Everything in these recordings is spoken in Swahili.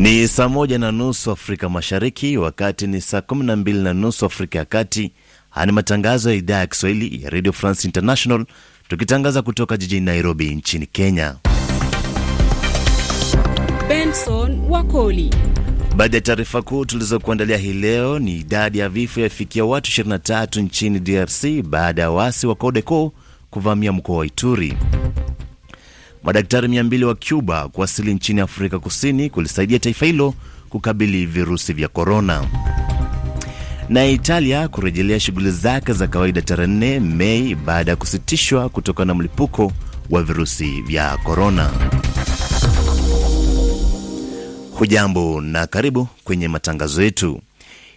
Ni saa moja na nusu Afrika Mashariki, wakati ni saa kumi na mbili na nusu Afrika ya Kati. Haya ni matangazo ya idhaa ya Kiswahili ya Radio France International, tukitangaza kutoka jijini Nairobi nchini Kenya. Benson Wakoli. Baadhi ya taarifa kuu tulizokuandalia hii leo ni idadi ya vifo yafikia watu 23 nchini DRC baada ya wasi wa Codeco kuvamia mkoa wa Ituri. Madaktari 200 wa Cuba kuwasili nchini Afrika Kusini kulisaidia taifa hilo kukabili virusi vya korona. Na Italia kurejelea shughuli zake za kawaida tarehe 4 Mei baada ya kusitishwa kutokana na mlipuko wa virusi vya korona. Hujambo na karibu kwenye matangazo yetu.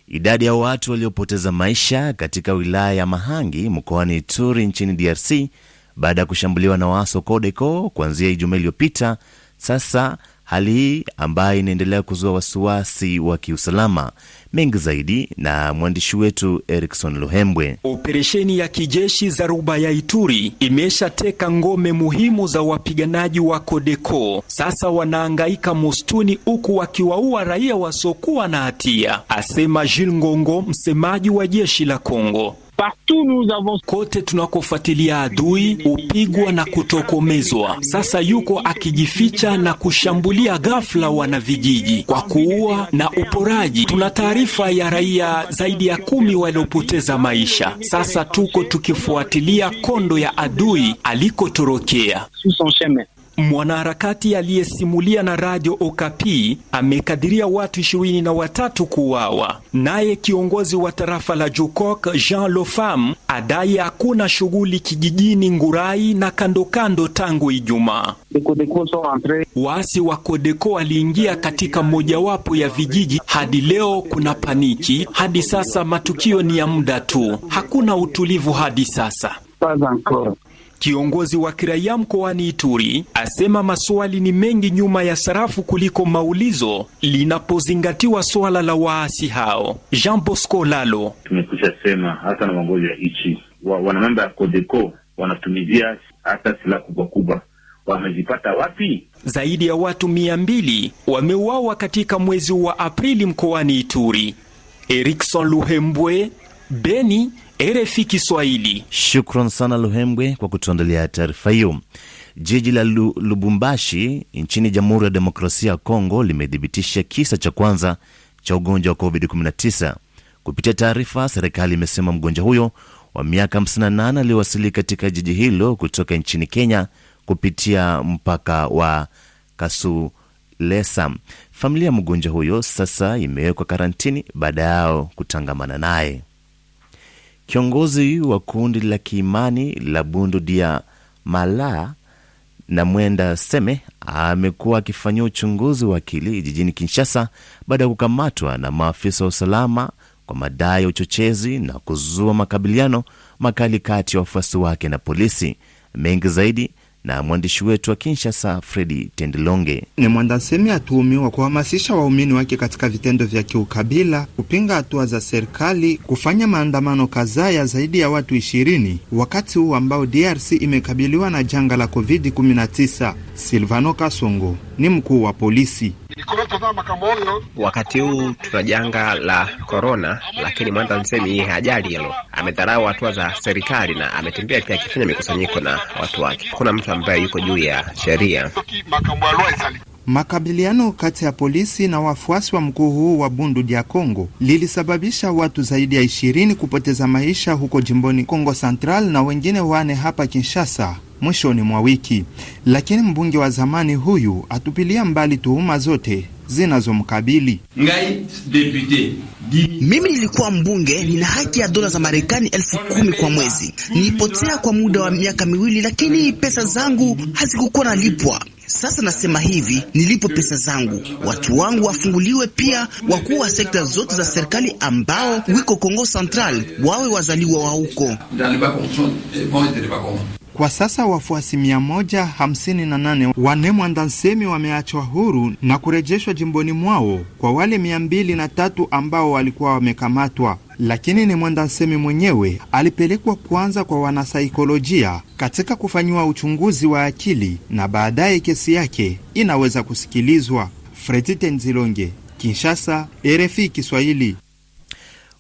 Idadi ya watu waliopoteza maisha katika wilaya ya Mahangi mkoani Ituri nchini DRC baada ya kushambuliwa na waaso kodeko Codeco kuanzia Ijumaa iliyopita. Sasa hali hii ambayo inaendelea kuzua wasiwasi wa kiusalama Mengi zaidi na mwandishi wetu Erikson Luhembwe. Operesheni ya kijeshi Zaruba ya Ituri imeshateka ngome muhimu za wapiganaji wa Kodeko. Sasa wanaangaika mustuni huku wakiwaua raia wasiokuwa na hatia, asema Jil Ngongo, msemaji wa jeshi la Kongo. Kote tunakofuatilia adui hupigwa na kutokomezwa. Sasa yuko akijificha na kushambulia ghafla wanavijiji kwa kuua na uporaji. Tunataarifa taarifa ya raia zaidi ya kumi waliopoteza maisha. Sasa tuko tukifuatilia kondo ya adui alikotorokea. Mwanaharakati aliyesimulia na Radio Okapi amekadiria watu ishirini na watatu kuuawa. Naye kiongozi wa tarafa la Jukok Jean Lofam adai hakuna shughuli kijijini Ngurai na kandokando tangu Ijumaa. Waasi wa Kodeko waliingia katika mojawapo ya vijiji. Hadi leo kuna paniki. Hadi sasa matukio ni ya muda tu, hakuna utulivu hadi sasa. Kiongozi wa kiraia mkoani Ituri asema maswali ni mengi nyuma ya sarafu kuliko maulizo linapozingatiwa swala la waasi hao. Jean Bosco Lalo: tumekwisha sema hata na uongozi wa nchi wa, wanamemba ya kodeko wanatumizia hata silaha kubwa kubwa wamezipata wapi? Zaidi ya watu mia mbili wameuawa katika mwezi wa Aprili mkoani Ituri. Erikson Luhembwe, Beni. RFI Kiswahili. Shukran sana Luhembwe kwa kutuandalia taarifa hiyo. Jiji la Lubumbashi nchini Jamhuri ya Demokrasia ya Kongo limethibitisha kisa cha kwanza cha ugonjwa wa COVID-19. Kupitia taarifa, serikali imesema mgonjwa huyo wa miaka 58 aliyowasili katika jiji hilo kutoka nchini Kenya kupitia mpaka wa Kasulesa. Familia ya mgonjwa huyo sasa imewekwa karantini baada yao kutangamana naye. Kiongozi wa kundi la kiimani la Bundu Dia Mala na Mwenda Seme amekuwa akifanyia uchunguzi wa akili jijini Kinshasa baada ya kukamatwa na maafisa wa usalama kwa madai ya uchochezi na kuzua makabiliano makali kati ya wafuasi wake na polisi. Mengi zaidi na mwandishi wetu wa Kinshasa, Fredi Tendelonge. Ni mwandasemi atuhumiwa kuhamasisha waumini wake katika vitendo vya kiukabila, kupinga hatua za serikali, kufanya maandamano kadhaa ya zaidi ya watu ishirini wakati huu ambao DRC imekabiliwa na janga la COVID-19. Silvano Kasongo ni mkuu wa polisi Niko Wakati huu tuna janga la korona, lakini mwanza msemi hii hajali hilo. Amedharau hatua za serikali na ametembea pia akifanya mikusanyiko na watu wake. Hakuna mtu ambaye yuko juu ya sheria. Makabiliano kati ya polisi na wafuasi wa mkuu huu wa Bundu dia congo lilisababisha watu zaidi ya ishirini kupoteza maisha huko jimboni congo Central na wengine wane hapa Kinshasa mwishoni mwa wiki, lakini mbunge wa zamani huyu atupilia mbali tuhuma zote zinazomkabili. Mimi nilikuwa mbunge, nina haki ya dola za Marekani elfu kumi kwa mwezi. Nilipotea kwa muda wa miaka miwili, lakini pesa zangu hazikukuwa nalipwa. Sasa nasema hivi, nilipo pesa zangu, watu wangu wafunguliwe, pia wakuu wa sekta zote za serikali ambao wiko Kongo Central wawe wazaliwa wa huko. Kwa sasa wafuasi 158 wane Mwandansemi wameachwa huru na kurejeshwa jimboni mwao, kwa wale 203 ambao walikuwa wamekamatwa. Lakini ni Mwandansemi mwenyewe alipelekwa kwanza kwa wanasaikolojia katika kufanyiwa uchunguzi wa akili na baadaye kesi yake inaweza kusikilizwa. Fredi Tenzilonge, Kinshasa, RFI Kiswahili.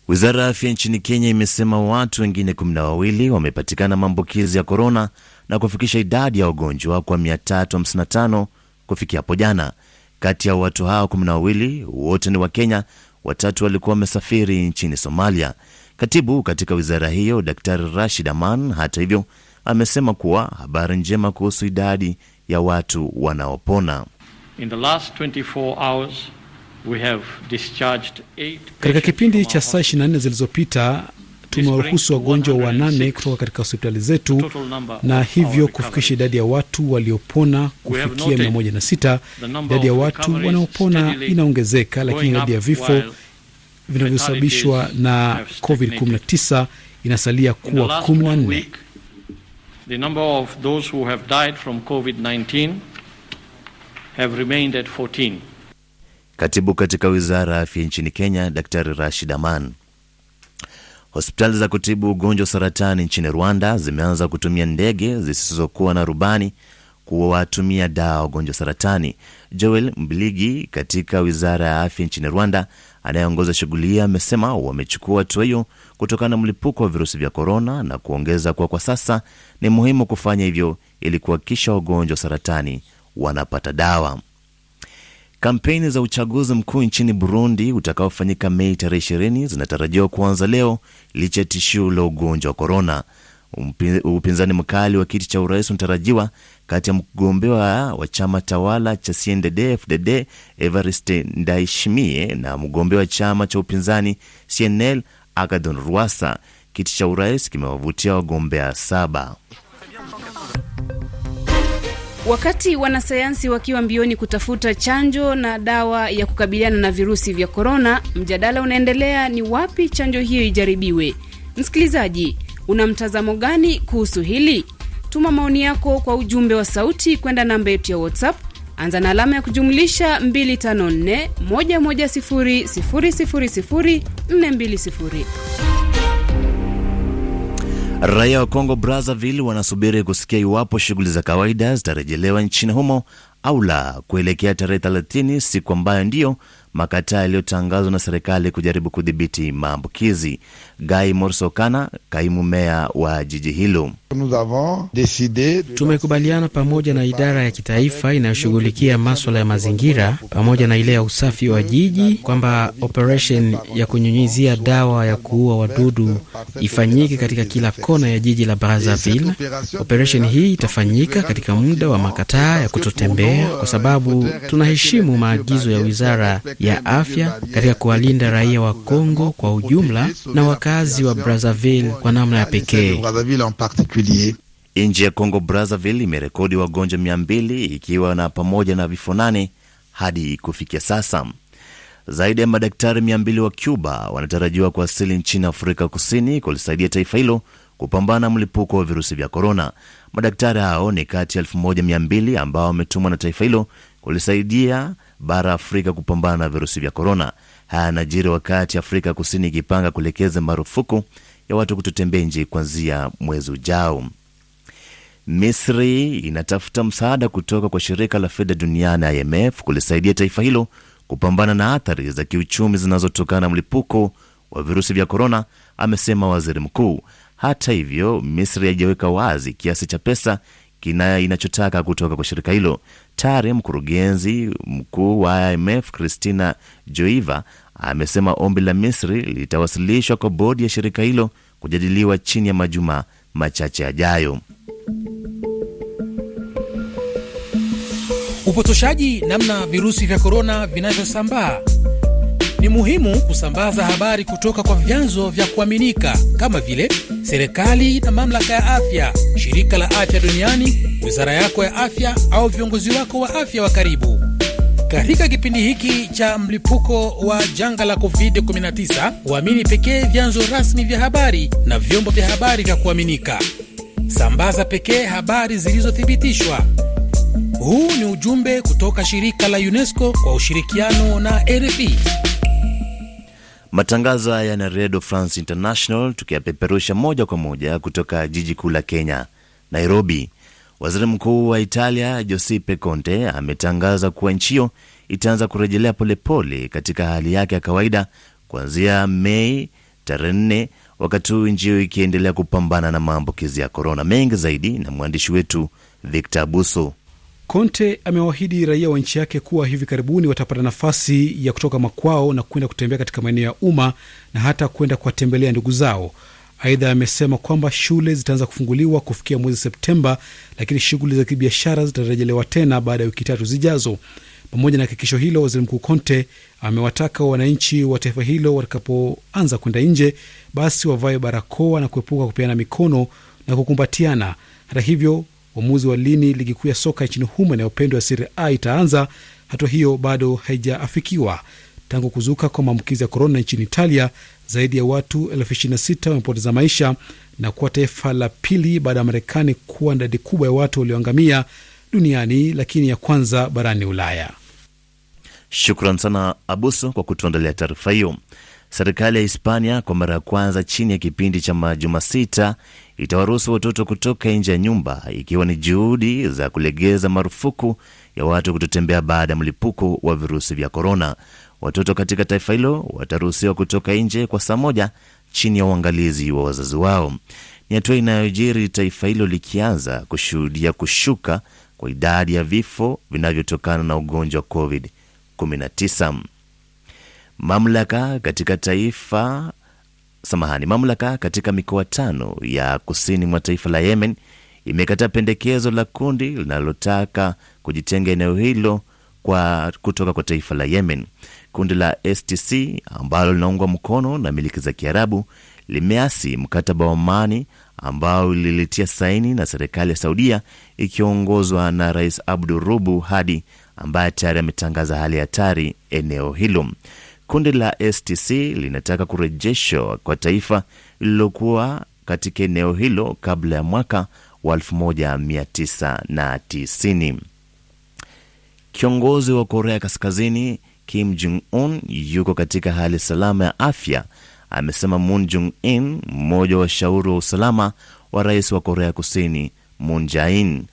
Wizara ya afya nchini Kenya imesema watu wengine kumi na wawili wamepatikana maambukizi ya korona na kufikisha idadi ya wagonjwa kwa 355 kufikia hapo jana. Kati ya watu hao kumi na wawili wote ni Wakenya, watatu walikuwa wamesafiri nchini Somalia. Katibu katika wizara hiyo Daktari Rashid Aman, hata hivyo, amesema kuwa habari njema kuhusu idadi ya watu wanaopona In the last 24 hours katika kipindi cha saa 24 zilizopita tumewaruhusu wagonjwa wanane kutoka katika hospitali zetu na hivyo kufikisha idadi ya watu waliopona kufikia 16 Idadi ya watu wanaopona inaongezeka, lakini idadi ya vifo vinavyosababishwa na COVID-19 inasalia kuwa kumi na nne. Katibu katika wizara ya afya nchini Kenya, Daktari Rashid Aman. Hospitali za kutibu ugonjwa saratani nchini Rwanda zimeanza kutumia ndege zisizokuwa na rubani kuwatumia dawa wagonjwa saratani. Joel Mbiligi katika wizara ya afya nchini Rwanda anayeongoza shughuli hiyo amesema wamechukua hatua hiyo kutokana na mlipuko wa virusi vya korona, na kuongeza kuwa kwa sasa ni muhimu kufanya hivyo ili kuhakikisha wagonjwa saratani wanapata dawa. Kampeni za uchaguzi mkuu nchini Burundi utakaofanyika Mei tarehe 20 zinatarajiwa kuanza leo licha ya tishio la ugonjwa wa korona. Upinzani mkali wa kiti cha urais unatarajiwa kati ya mgombea wa chama tawala cha CNDD-FDD Evariste Ndayishimiye na mgombea wa chama cha upinzani CNL Agathon Rwasa. Kiti cha urais kimewavutia wagombea saba. Wakati wanasayansi wakiwa mbioni kutafuta chanjo na dawa ya kukabiliana na virusi vya korona, mjadala unaendelea ni wapi chanjo hiyo ijaribiwe. Msikilizaji, una mtazamo gani kuhusu hili? Tuma maoni yako kwa ujumbe wa sauti kwenda namba yetu ya WhatsApp, anza na alama ya kujumlisha 254 110 000 420. Raia wa Kongo Brazzaville wanasubiri kusikia iwapo shughuli za kawaida zitarejelewa nchini humo au la kuelekea tarehe 30, siku ambayo ndiyo makataa yaliyotangazwa na serikali kujaribu kudhibiti maambukizi. Gai Morsokana, kaimu meya wa jiji hilo: tumekubaliana pamoja na idara ya kitaifa inayoshughulikia maswala ya mazingira pamoja na ile ya usafi wa jiji kwamba operesheni ya kunyunyizia dawa ya kuua wadudu ifanyike katika kila kona ya jiji la Brazzaville. Operesheni hii itafanyika katika muda wa makataa ya kutotembea, kwa sababu tunaheshimu maagizo ya wizara ya afya katika kuwalinda raia wa Kongo kwa ujumla na wakazi wa Brazzaville kwa namna ya pekee. Nchi ya Kongo Brazzaville imerekodi wagonjwa 200 ikiwa na pamoja na vifo nane hadi kufikia sasa. Zaidi ya madaktari 200 wa Cuba wanatarajiwa kuwasili nchini Afrika Kusini kulisaidia taifa hilo kupambana na mlipuko wa virusi vya korona. Madaktari hao ni kati ya 1200 ambao wametumwa na taifa hilo kulisaidia bara Afrika kupambana na virusi vya korona. Haya yanajiri wakati Afrika Kusini ikipanga kulekeza marufuku ya watu kutotembea nje kuanzia mwezi ujao. Misri inatafuta msaada kutoka kwa shirika la fedha duniani IMF kulisaidia taifa hilo kupambana na athari za kiuchumi zinazotokana na mlipuko wa virusi vya korona, amesema waziri mkuu. Hata hivyo, Misri haijaweka wazi kiasi cha pesa kina inachotaka kutoka kwa shirika hilo. Tare, mkurugenzi mkuu wa IMF Christina Joiva amesema ombi la Misri litawasilishwa kwa bodi ya shirika hilo kujadiliwa chini ya majuma machache yajayo. Upotoshaji namna virusi vya korona vinavyosambaa ni muhimu kusambaza habari kutoka kwa vyanzo vya kuaminika kama vile serikali na mamlaka ya afya, shirika la afya duniani, wizara yako ya afya au viongozi wako wa afya wa karibu. Katika kipindi hiki cha mlipuko wa janga la COVID-19, waamini pekee vyanzo rasmi vya habari na vyombo vya habari vya kuaminika. Sambaza pekee habari zilizothibitishwa. Huu ni ujumbe kutoka shirika la UNESCO kwa ushirikiano na RFI. Matangazo haya na Redio France International tukiyapeperusha moja kwa moja kutoka jiji kuu la Kenya, Nairobi. Waziri Mkuu wa Italia Giuseppe Conte ametangaza kuwa nchi hiyo itaanza kurejelea polepole katika hali yake ya kawaida kuanzia Mei tarehe 4, wakati huu nchi hiyo ikiendelea kupambana na maambukizi ya korona. Mengi zaidi na mwandishi wetu Victor Abuso. Conte amewaahidi raia wa nchi yake kuwa hivi karibuni watapata nafasi ya kutoka makwao na kwenda kutembea katika maeneo ya umma na hata kwenda kuwatembelea ndugu zao. Aidha, amesema kwamba shule zitaanza kufunguliwa kufikia mwezi Septemba, lakini shughuli za kibiashara zitarejelewa tena baada ya wiki tatu zijazo. Pamoja na hakikisho hilo, waziri mkuu Conte amewataka wananchi wa taifa hilo watakapoanza kwenda nje, basi wavae barakoa na kuepuka kupeana mikono na kukumbatiana. Hata hivyo uamuzi wa lini ligi kuu ya soka nchini humo inayopendwa ya Serie A itaanza. Hatua hiyo bado haijaafikiwa. Tangu kuzuka kwa maambukizi ya korona nchini Italia, zaidi ya watu elfu ishirini na sita wamepoteza maisha na kuwa taifa la pili baada ya Marekani kuwa na idadi kubwa ya watu walioangamia duniani, lakini ya kwanza barani Ulaya. Shukran sana Abuso kwa kutuandalia taarifa hiyo. Serikali ya Hispania kwa mara ya kwanza chini ya kipindi cha majuma sita itawaruhusu watoto kutoka nje ya nyumba, ikiwa ni juhudi za kulegeza marufuku ya watu kutotembea baada ya mlipuko wa virusi vya korona. Watoto katika taifa hilo wataruhusiwa kutoka nje kwa saa moja chini ya uangalizi wa wazazi wao. Ni hatua inayojiri taifa hilo likianza kushuhudia kushuka kwa idadi ya vifo vinavyotokana na ugonjwa wa COVID-19. Mamlaka katika taifa samahani, mamlaka katika mikoa tano ya kusini mwa taifa la Yemen imekataa pendekezo la kundi linalotaka kujitenga eneo hilo kwa kutoka kwa taifa la Yemen. Kundi la STC ambalo linaungwa mkono na miliki za Kiarabu limeasi mkataba wa amani ambao lilitia saini na serikali ya Saudia ikiongozwa na Rais abdurubu Hadi ambaye tayari ametangaza hali hatari eneo hilo. Kundi la STC linataka kurejeshwa kwa taifa lililokuwa katika eneo hilo kabla ya mwaka wa 1990. Kiongozi wa Korea Kaskazini Kim Jong Un yuko katika hali salama ya afya, amesema Moon Jong In, mmoja wa washauri wa usalama wa rais wa Korea Kusini Moon Jae-in.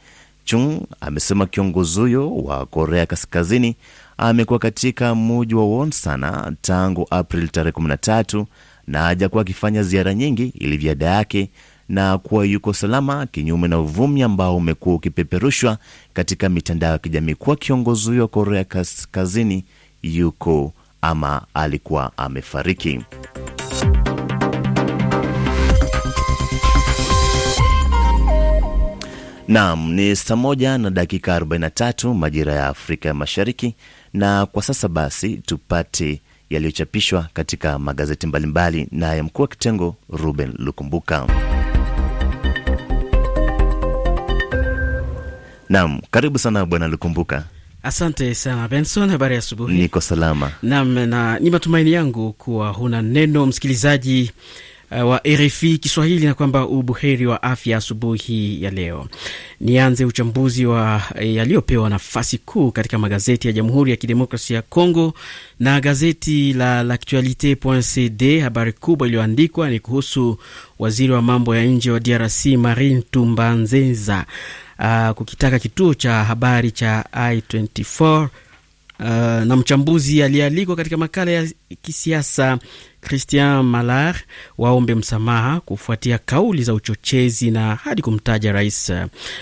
Chung amesema kiongozi huyo wa Korea Kaskazini amekuwa katika mji wa Wonsana tangu April tarehe 13 na hajakuwa akifanya ziara nyingi ili viada yake na kuwa yuko salama, kinyume na uvumi ambao umekuwa ukipeperushwa katika mitandao ya kijamii kuwa kiongozi huyo wa Korea Kaskazini yuko ama alikuwa amefariki. Naam, ni saa moja na dakika 43 majira ya Afrika ya Mashariki. Na kwa sasa basi tupate yaliyochapishwa katika magazeti mbalimbali, naye mkuu wa kitengo Ruben Lukumbuka. Naam, karibu sana bwana Lukumbuka. Asante sana Benson, habari ya asubuhi. Niko salama. Naam, na ni matumaini yangu kuwa huna neno msikilizaji Eh, wa RFI Kiswahili na kwamba ubuheri wa afya asubuhi ya leo. Nianze uchambuzi wa eh, yaliyopewa nafasi kuu katika magazeti ya Jamhuri ya Kidemokrasia ya Kongo na gazeti la L'actualite.cd. Habari kubwa iliyoandikwa ni kuhusu waziri wa mambo ya nje wa DRC Marin Tumbanzeza uh, ah, kukitaka kituo cha habari cha I24 Uh, ah, na mchambuzi aliyealikwa katika makala ya kisiasa Christian Malar waombe msamaha kufuatia kauli za uchochezi na hadi kumtaja Rais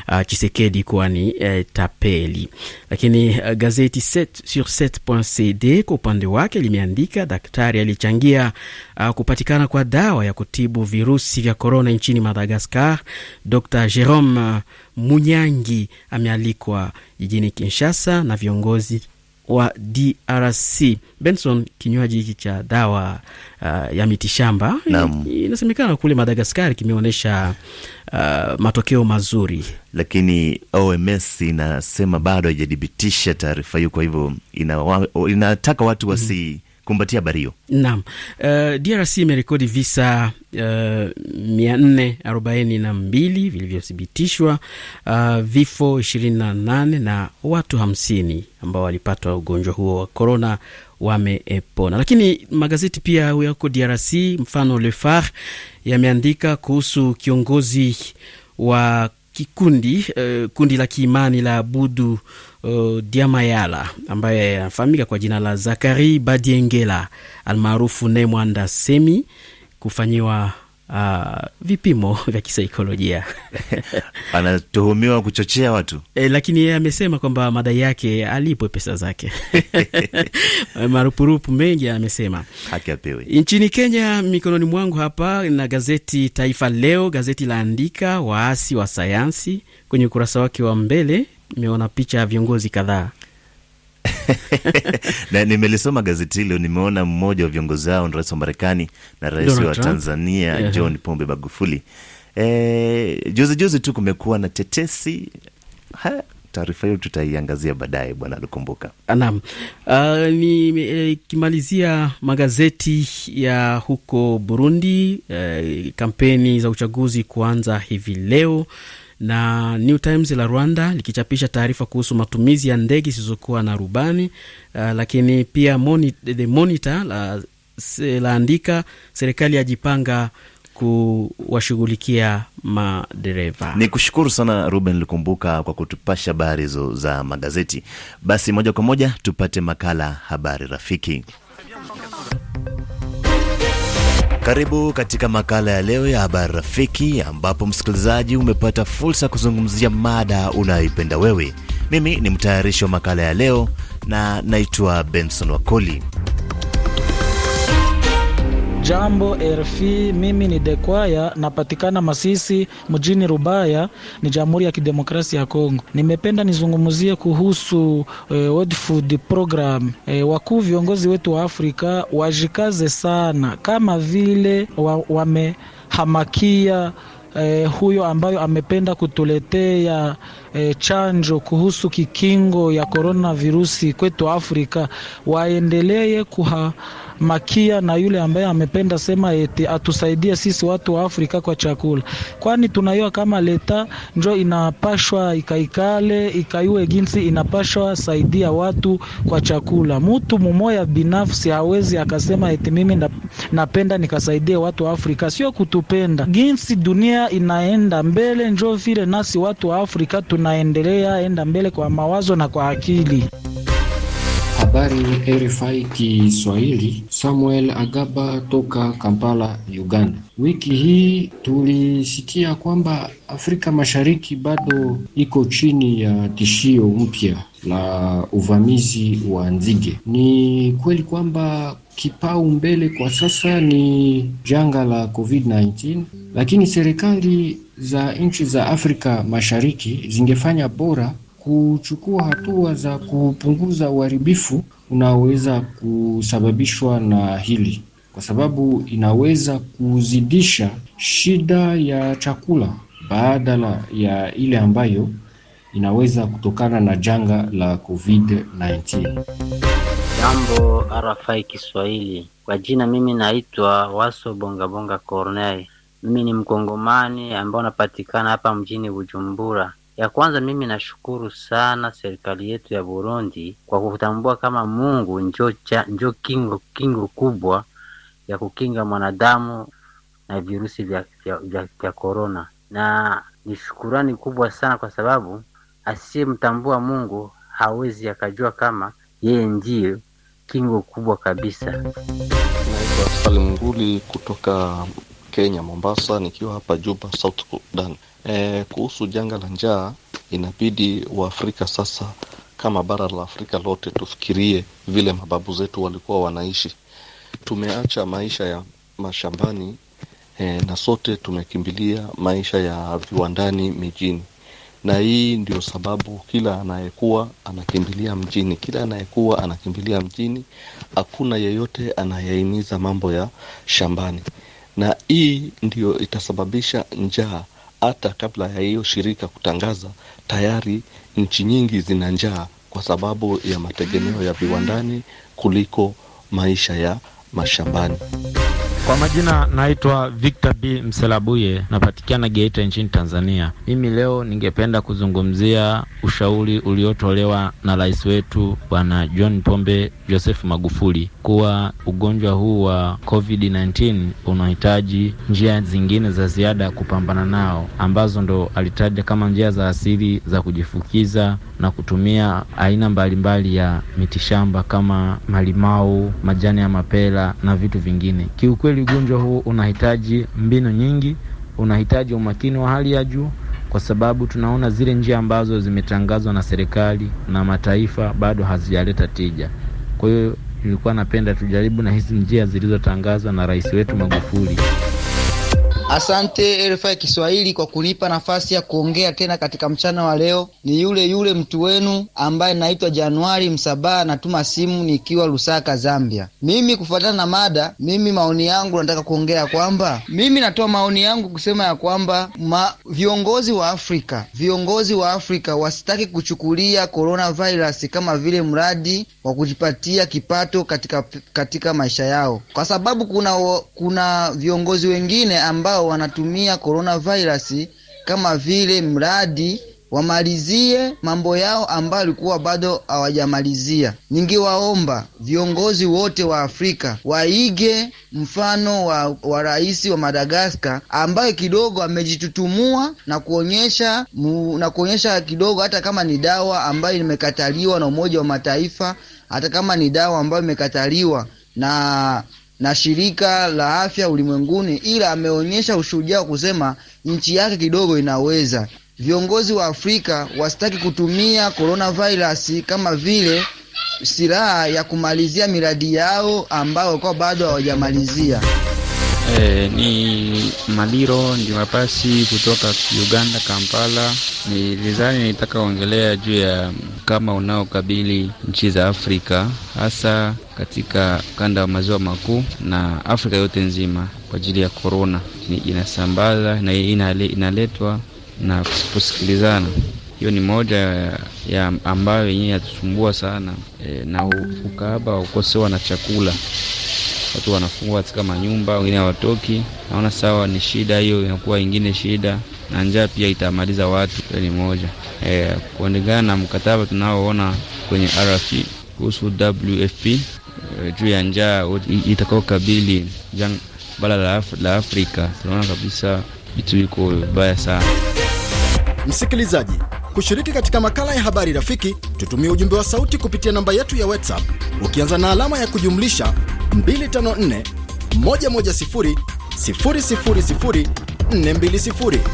uh, Chisekedi uh, kuwa ni uh, tapeli. Lakini uh, gazeti 7 sur cd kwa upande wake limeandika daktari alichangia uh, kupatikana kwa dawa ya kutibu virusi vya korona nchini madagascar Dr Jerome uh, Munyangi amealikwa jijini Kinshasa na viongozi wa DRC. Benson, kinywaji hiki cha dawa uh, ya mitishamba inasemekana kule Madagaskari kimeonyesha uh, matokeo mazuri, lakini OMS inasema bado haijadhibitisha taarifa hiyo, kwa hivyo inataka watu wasi mm -hmm kumbatia Bario. Naam. Uh, eh, DRC imerekodi visa uh, vilivyothibitishwa, uh, vifo ishirini na na watu hamsini ambao walipatwa ugonjwa huo wa korona wameepona. Lakini magazeti pia yako DRC, mfano Le Phare yameandika kuhusu kiongozi wa kikundi uh, kundi la kiimani la Budu uh, eh, Diamayala ambaye anafahamika kwa jina la Zakari Badiengela almaarufu Nemwanda Semi kufanyiwa uh, vipimo vya kisaikolojia anatuhumiwa kuchochea watu e, lakini yeye amesema kwamba madai yake alipwe pesa zake marupurupu mengi amesema Nchini Kenya, mikononi mwangu hapa na gazeti Taifa Leo. Gazeti laandika waasi wa sayansi, kwenye ukurasa wake wa mbele imeona picha ya viongozi kadhaa na nimelisoma gazeti hilo, nimeona mmoja wa viongozi hao ni rais wa Marekani na rais wa Tanzania yeah, John Pombe Magufuli. E, juzi juzi tu kumekuwa na tetesi ha, taarifa hiyo tutaiangazia baadaye, bwana Lukumbuka. Naam. Uh, ah, nikimalizia eh, magazeti ya huko Burundi, eh, kampeni za uchaguzi kuanza hivi leo na New Times la Rwanda likichapisha taarifa kuhusu matumizi ya ndege zisizokuwa na rubani uh, lakini pia moni, The Monitor la laandika serikali yajipanga kuwashughulikia madereva. Ni kushukuru sana Ruben Lukumbuka kwa kutupasha habari hizo za magazeti. Basi moja kwa moja tupate makala Habari Rafiki. Karibu katika makala ya leo ya habari rafiki, ambapo msikilizaji, umepata fursa ya kuzungumzia mada unayoipenda wewe. Mimi ni mtayarishi wa makala ya leo na naitwa Benson Wakoli. Jambo RFI, mimi ni Dekwaya, napatikana Masisi mjini Rubaya, ni Jamhuri ya Kidemokrasia ya Kongo. Nimependa nizungumzie kuhusu e, World Food Program. E, wakuu viongozi wetu wa Afrika wajikaze sana, kama vile wamehamakia e, huyo ambayo amependa kutuletea E, chanjo kuhusu kikingo ya korona virusi kwetu Afrika, waendelee kuha makia na yule ambaye amependa sema eti atusaidie sisi watu wa Afrika kwa chakula, kwani tunaiwa kama leta njo inapashwa ikaikale ikaiwe ginsi inapashwa saidia watu kwa chakula. Mutu mumoya binafsi hawezi akasema eti mimi napenda nikasaidie watu wa Afrika, sio kutupenda. Ginsi dunia inaenda mbele, njo vile nasi watu wa Afrika tunaendelea enda mbele kwa mawazo na kwa akili habari RFI Kiswahili, Samuel Agaba toka Kampala, Uganda. Wiki hii tulisikia kwamba Afrika Mashariki bado iko chini ya tishio mpya la uvamizi wa nzige. Ni kweli kwamba kipau mbele kwa sasa ni janga la COVID-19, lakini serikali za nchi za Afrika Mashariki zingefanya bora kuchukua hatua za kupunguza uharibifu unaoweza kusababishwa na hili, kwa sababu inaweza kuzidisha shida ya chakula badala ya ile ambayo inaweza kutokana na janga la COVID-19. Jambo RFI Kiswahili, kwa jina mimi naitwa Waso Bongabonga Corneille. Mimi ni Mkongomani ambao napatikana hapa mjini Bujumbura. Ya kwanza mimi nashukuru sana serikali yetu ya Burundi kwa kutambua kama Mungu njo, cha, njo kingo, kingo kubwa ya kukinga mwanadamu na virusi vya, vya, vya, vya korona, na ni shukurani kubwa sana kwa sababu asiyemtambua Mungu hawezi akajua kama yeye ndiye kingo kubwa kabisa. Naitwa Salim Nguli kutoka Kenya, Mombasa, nikiwa hapa Juba, South Sudan. E, kuhusu janga la njaa, inabidi Waafrika sasa kama bara la Afrika lote tufikirie vile mababu zetu walikuwa wanaishi. Tumeacha maisha ya mashambani e, na sote tumekimbilia maisha ya viwandani mijini, na hii ndio sababu kila anayekuwa anakimbilia mjini, kila anayekuwa anakimbilia mjini. Hakuna yeyote anayehimiza mambo ya shambani na hii ndiyo itasababisha njaa. Hata kabla ya hiyo shirika kutangaza, tayari nchi nyingi zina njaa kwa sababu ya mategemeo ya viwandani kuliko maisha ya mashambani. Kwa majina naitwa Victor B Mselabuye, napatikana Geita nchini Tanzania. Mimi leo ningependa kuzungumzia ushauri uliotolewa na rais wetu Bwana John Pombe Joseph Magufuli kuwa ugonjwa huu wa COVID-19 unahitaji njia zingine za ziada ya kupambana nao, ambazo ndo alitaja kama njia za asili za kujifukiza na kutumia aina mbalimbali ya mitishamba kama malimau, majani ya mapela na vitu vingine Kiukwe kweli ugonjwa huu unahitaji mbinu nyingi, unahitaji umakini wa hali ya juu, kwa sababu tunaona zile njia ambazo zimetangazwa na serikali na mataifa bado hazijaleta tija. Kwa hiyo nilikuwa napenda tujaribu na hizi njia zilizotangazwa na rais wetu Magufuli. Asante RFI Kiswahili kwa kunipa nafasi ya kuongea tena katika mchana wa leo. Ni yule yule mtu wenu ambaye naitwa Januari Msabaha, natuma simu nikiwa Lusaka, Zambia. Mimi kufuatana na mada, mimi maoni yangu nataka kuongea kwamba mimi natoa maoni yangu kusema ya kwamba ma, viongozi wa Afrika viongozi wa Afrika wasitaki kuchukulia coronavirus kama vile mradi wa kujipatia kipato katika, katika maisha yao, kwa sababu kuna, kuna viongozi wengine ambao ambao wanatumia coronavirus kama vile mradi wamalizie mambo yao ambayo alikuwa bado hawajamalizia. Ningewaomba viongozi wote wa Afrika waige mfano wa, wa rais wa Madagaskar ambaye kidogo amejitutumua na kuonyesha mu, na kuonyesha kidogo, hata kama ni dawa ambayo imekataliwa na Umoja wa Mataifa, hata kama ni dawa ambayo imekataliwa na na shirika la afya ulimwenguni, ila ameonyesha ushujaa wa kusema nchi yake kidogo inaweza. Viongozi wa Afrika wasitaki kutumia coronavirus kama vile silaha ya kumalizia miradi yao ambayo kwa bado hawajamalizia. E, ni Maliro ndio mapasi kutoka Uganda Kampala. Nilizani nitaka ongelea juu ya kama unaokabili nchi za Afrika hasa katika ukanda wa maziwa makuu na Afrika yote nzima kwa ajili ya korona inasambaza na inaletwa na kusikilizana. Hiyo ni moja ya ambayo yenyewe yatusumbua sana e, na ukaba ukosewa na chakula watu wanafungwa katika manyumba, wengine hawatoki. Naona sawa, ni shida hiyo, inakuwa ingine shida na njaa pia itamaliza watu ni moja e, kuendekana na mkataba tunaoona kwenye RFP kuhusu WFP e, juu ya njaa itakao kabili bara la, Af la Afrika. Tunaona kabisa vitu viko vibaya sana. Msikilizaji, kushiriki katika makala ya habari rafiki, tutumie ujumbe wa sauti kupitia namba yetu ya WhatsApp ukianza na alama ya kujumlisha 254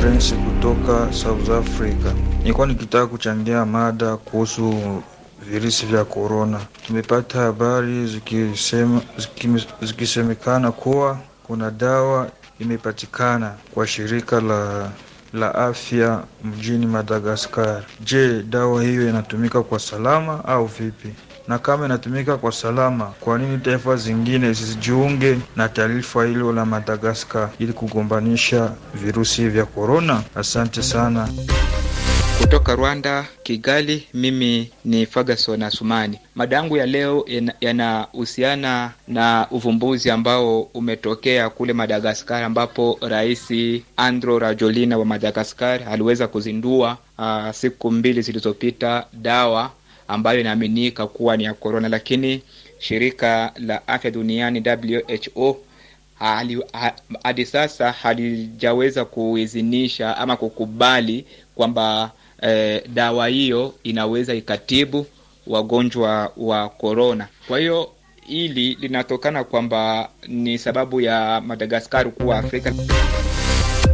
Prince kutoka South Africa. Nilikuwa nikitaka kuchangia mada kuhusu virusi vya korona. Tumepata habari zikisemekana kuwa kuna dawa imepatikana kwa shirika la la afya mjini Madagaskar. Je, dawa hiyo inatumika kwa salama au vipi? na kama inatumika kwa salama, kwa nini taifa zingine zisijiunge na taifa hilo la Madagaskar ili kugombanisha virusi vya korona? Asante sana. Kutoka Rwanda, Kigali, mimi ni Ferguson Asumani. Mada yangu ya leo yanahusiana na uvumbuzi ambao umetokea kule Madagaskar, ambapo Rais Andro Rajolina wa Madagaskar aliweza kuzindua uh, siku mbili zilizopita dawa ambayo inaaminika kuwa ni ya korona, lakini shirika la afya duniani WHO hadi sasa halijaweza kuizinisha ama kukubali kwamba eh, dawa hiyo inaweza ikatibu wagonjwa wa korona. Kwa hiyo hili linatokana kwamba ni sababu ya Madagaskari kuwa Afrika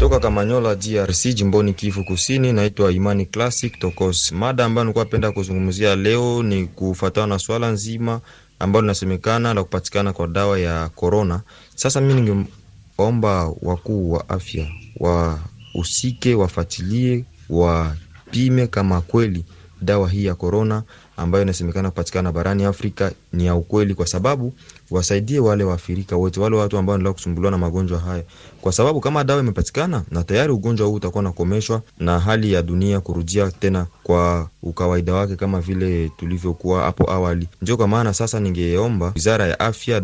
Toka Kamanyola, DRC, jimboni Kivu Kusini. Naitwa Imani Classic Tokos. Mada ambayo nilikuwa napenda kuzungumzia leo ni kufuatana na swala nzima ambalo linasemekana la kupatikana kwa dawa ya korona. Sasa mi ningeomba wakuu wa afya wahusike, wafatilie, wapime kama kweli dawa hii ya korona ambayo inasemekana kupatikana barani Afrika ni ya ukweli, kwa sababu wasaidie wale waathirika wote, wale watu ambao wanaendelea kusumbuliwa na magonjwa haya, kwa sababu kama dawa imepatikana na tayari ugonjwa huu utakuwa nakomeshwa na hali ya dunia kurudia tena kwa ukawaida wake kama vile tulivyokuwa hapo awali. Ndio kwa maana sasa ningeomba wizara ya afya,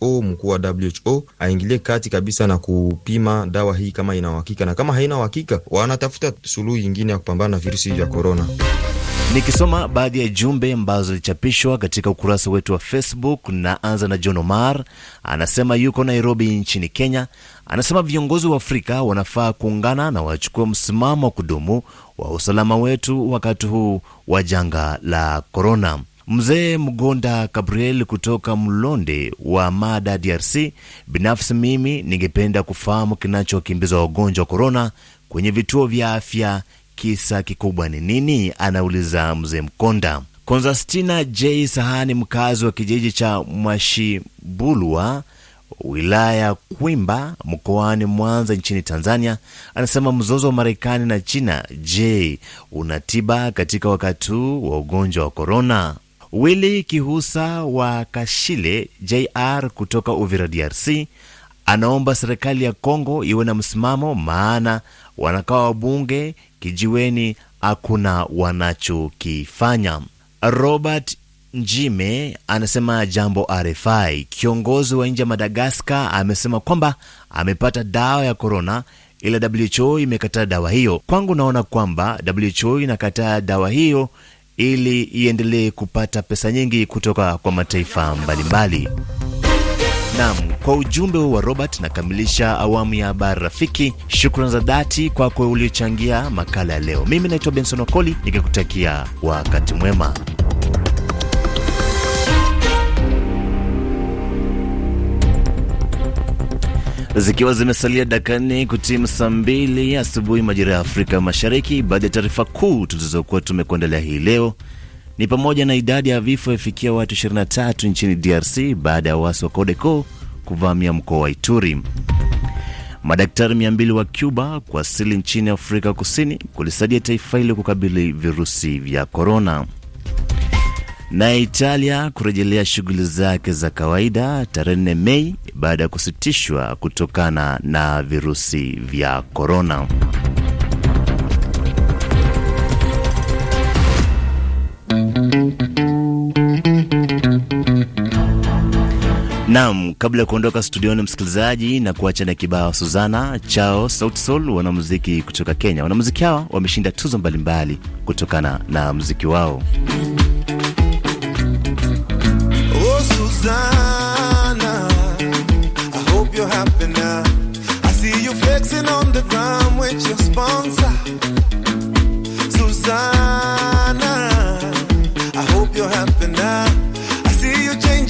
WHO, mkuu wa WHO aingilie kati kabisa na kupima dawa hii kama ina uhakika, na kama haina uhakika wanatafuta suluhu nyingine ya kupambana na virusi vya korona. Nikisoma baadhi ya jumbe ambazo zilichapishwa katika ukurasa wetu wa Facebook. Na anza na John Omar, anasema yuko Nairobi nchini Kenya. Anasema viongozi wa Afrika wanafaa kuungana na wachukue msimamo wa kudumu wa usalama wetu wakati huu wa janga la korona. Mzee Mgonda Gabriel kutoka Mlonde wa Mada, DRC, binafsi mimi ningependa kufahamu kinachokimbizwa wagonjwa wa korona kwenye vituo vya afya kisa kikubwa ni nini? Anauliza mzee Mkonda. Konstantina J Sahani, mkazi wa kijiji cha Mwashibulwa, wilaya Kwimba, mkoani Mwanza, nchini Tanzania, anasema mzozo wa Marekani na China, je, unatiba katika wakati huu wa ugonjwa wa korona? wili Kihusa wa Kashile JR kutoka Uvira, DRC, anaomba serikali ya Kongo iwe na msimamo, maana wanakaa wabunge kijiweni hakuna wanachokifanya. Robert Njime anasema jambo RFI. Kiongozi wa nje ya Madagaskar amesema kwamba amepata dawa ya korona, ila WHO imekataa dawa hiyo. Kwangu naona kwamba WHO inakataa dawa hiyo ili iendelee kupata pesa nyingi kutoka kwa mataifa mbalimbali mbali nam kwa ujumbe wa Robert nakamilisha awamu ya habari rafiki. Shukrani za dhati kwako kwa uliochangia makala ya leo. Mimi naitwa Benson Okoli nikikutakia wakati mwema. Zikiwa zimesalia dakika nne kutimu saa mbili asubuhi majira ya Afrika Mashariki, baada ya taarifa kuu tulizokuwa tumekuandalia hii leo ni pamoja na idadi ya vifo ifikia watu 23 nchini DRC baada ya waasi wa Codeco kuvamia mkoa wa Ituri. Madaktari 200 wa Cuba kuwasili nchini Afrika Kusini kulisaidia taifa hilo kukabili virusi vya korona. Na Italia kurejelea shughuli zake za kawaida tarehe 4 Mei baada ya kusitishwa kutokana na virusi vya korona. Naam, kabla ya kuondoka studioni, msikilizaji, na kuacha na kibao Suzana chao Sauti Sol, wanamuziki kutoka Kenya. Wanamuziki hawa wameshinda tuzo mbalimbali kutokana na muziki wao. Oh, Suzana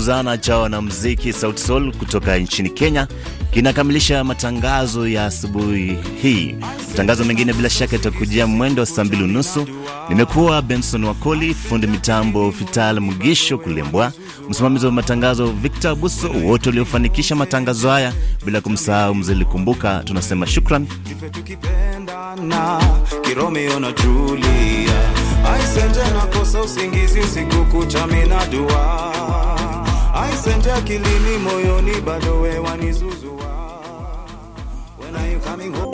Suzana cha wanamuziki Sauti Sol kutoka nchini Kenya kinakamilisha matangazo ya asubuhi hii. Matangazo mengine bila shaka yatakujia mwendo wa saa mbili unusu. Nimekuwa Benson Wakoli, fundi mitambo Fital Mugisho Kulembwa, msimamizi wa matangazo Victor Buso, wote waliofanikisha matangazo haya, bila kumsahau Mzee Likumbuka. Tunasema shukran usingizi kucha, mina dua Messenger kilini moyoni bado wewe wanizuzua. When are you coming home?